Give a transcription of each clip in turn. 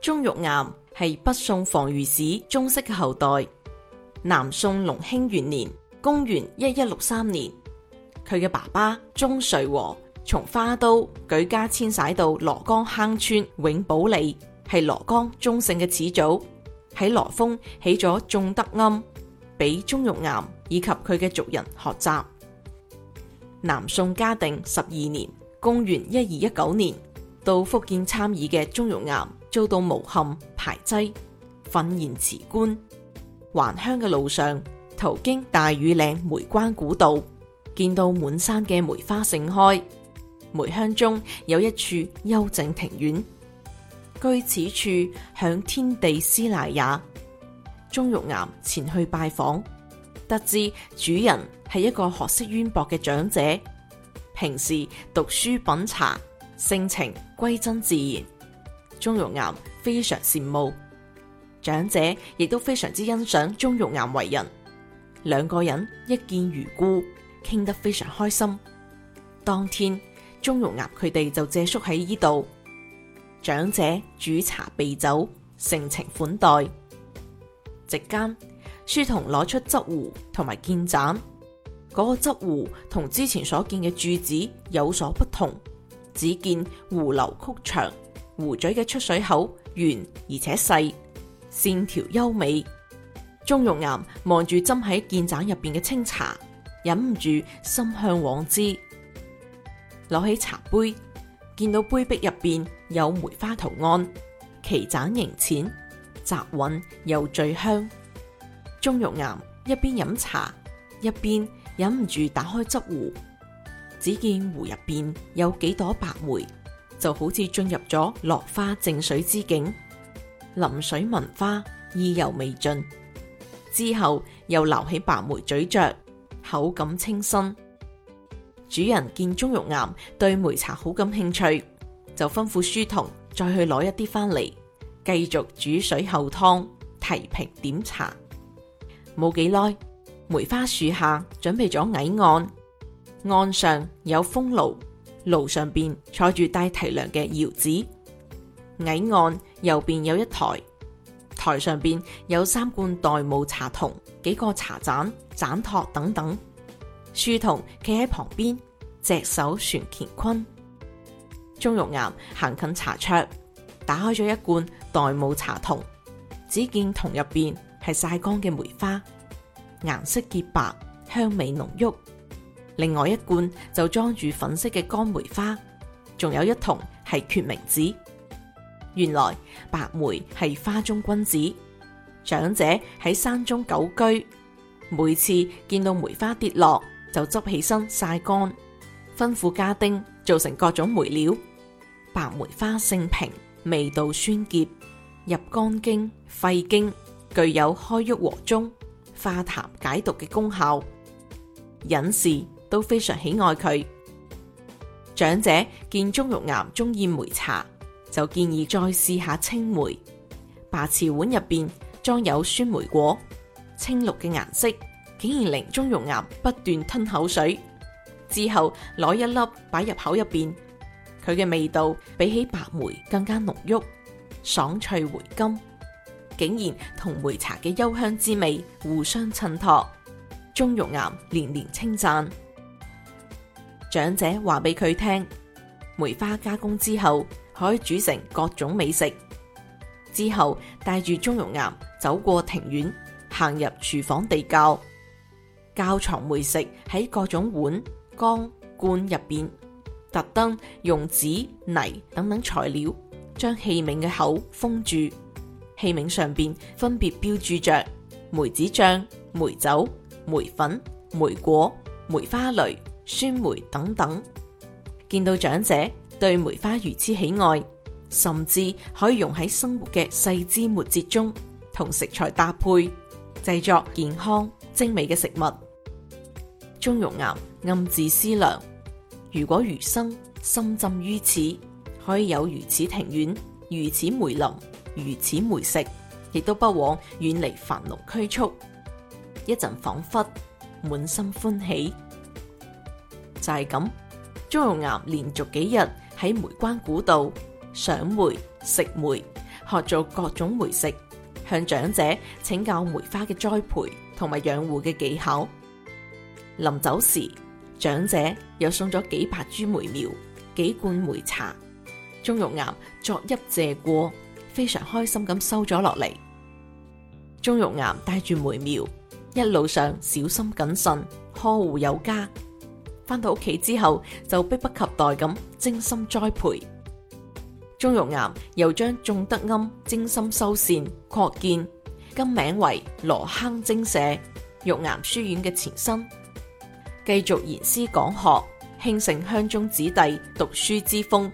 鍾玉喦係北宋防御使鍾軾嘅後代。南宋隆興元年（公元一一六三年），佢嘅爸爸鍾遂和從花都舉家遷徙到蘿崗坑村永保里，係蘿崗鍾姓嘅始祖。喺蘿峰起咗種德庵，俾鍾玉喦以及佢嘅族人學習。南宋嘉定十二年（公元一二一九年）到福建參議嘅鍾玉喦，遭到誣陷排擠，憤然辭官，還鄉嘅路上，途經大庾嶺梅關古道，見到滿山嘅梅花盛開，梅香中有一處幽靜庭院，居此處享天地詩籟也。鍾玉喦前去拜訪，得知主人係一個學識淵博嘅長者，平時讀書品茶，性情歸真自然。鍾玉喦非常羨慕長者，亦都非常之欣賞鍾玉喦為人。兩個人一見如故，傾得非常開心。當天，鍾玉喦佢哋就借宿喺呢度，長者煮茶備酒，盛情款待。席間，書童攞出執壺同埋建盞，嗰、那個執壺同之前所見嘅注子有所不同，只見壺流曲長。壺嘴嘅出水口圓而且細，線條優美。鍾玉喦望住斟喺建盞入邊嘅清茶，忍唔住心向往之。攞起茶杯，見到杯壁入邊有梅花圖案，其盞形淺，集韻又聚香。鍾玉喦一邊飲茶，一邊忍唔住打開執壺，只見壺入邊有幾朵白梅。就好似進入咗落花靜水之境，臨水聞花，意猶未盡。之後又撈起白梅咀嚼，口感清新。主人見鐘玉喦對梅茶好感興趣，就吩咐書童再去攞一啲翻嚟，繼續煮水候湯，提瓶點茶。冇幾耐，梅花樹下準備咗矮案，案上有風爐。路上邊坐住帶提梁嘅銚子，矮案右邊有一台，台上邊有三罐玳瑁茶筒、幾個茶盞、盞托等等。書童企喺旁邊，隻手旋乾坤。鍾玉喦行近茶桌，打開咗一罐玳瑁茶筒，只見筒入邊係曬乾嘅梅花，顏色潔白，香味濃郁。.另外一罐，就裝住粉色嘅乾梅花，仲有一桶係決明子。原來白梅係花中君子，長者喺山中久居，每次見到梅花跌落就執起身曬乾，吩咐家丁做成各種梅料。白梅花性平，味道酸澀，入肝經、肺經，具有開鬱和中、化痰解毒嘅功效。隱士。都非常喜愛佢。長者見鍾玉喦中意梅茶,就建議再試下青梅。白瓷碗入邊裝有酸梅果，青綠嘅顏色竟然令鍾玉喦不斷吞口水。之後攞一粒擺入口入邊，佢嘅味道比起白梅更加濃郁，爽脆回甘，竟然同梅茶嘅幽香之味互相襯托。鍾玉喦連連稱讚。長者話俾佢聽，梅花加工之後可以煮成各種美食。之後帶住鐘玉喦走過庭院，行入廚房地窖，窖藏梅食喺各種碗、缸、罐入邊。特登用紙、泥等等材料將器皿嘅口封住，器皿上邊分別標注着梅子醬、梅酒、梅粉、梅果、梅花蕾。酸梅等等，見到長者對梅花如此喜愛，甚至可以融喺生活嘅細枝末節中，同食材搭配，製作健康精美嘅食物。鍾玉喦暗自思量：如果餘生深浸於此，可以有如此庭院，如此梅林，如此梅食，亦都不枉遠離樊籠拘束。一陣恍惚，滿心歡喜。就係咁，鍾玉喦連續幾日喺梅關古道賞梅、食梅、學做各種梅食，向長者請教梅花嘅栽培同埋養護嘅技巧。臨走時，長者又送咗幾百株梅苗、幾罐梅茶。鍾玉喦作揖謝過，非常開心咁收咗落嚟。鍾玉喦帶住梅苗，一路上小心謹慎，呵護有加。翻到屋企之後，就迫不及待咁精心栽培。鍾玉喦又將種德庵精心修繕擴建，更名為蘿坑精舍，玉喦書院嘅前身。繼續延師講學，興盛鄉中子弟讀書之風。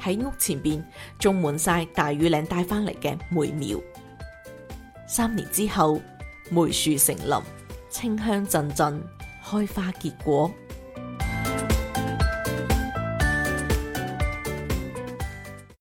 喺屋前邊種滿晒大庾嶺帶翻嚟嘅梅苗。三年之後，梅樹成林，清香陣陣，開花結果。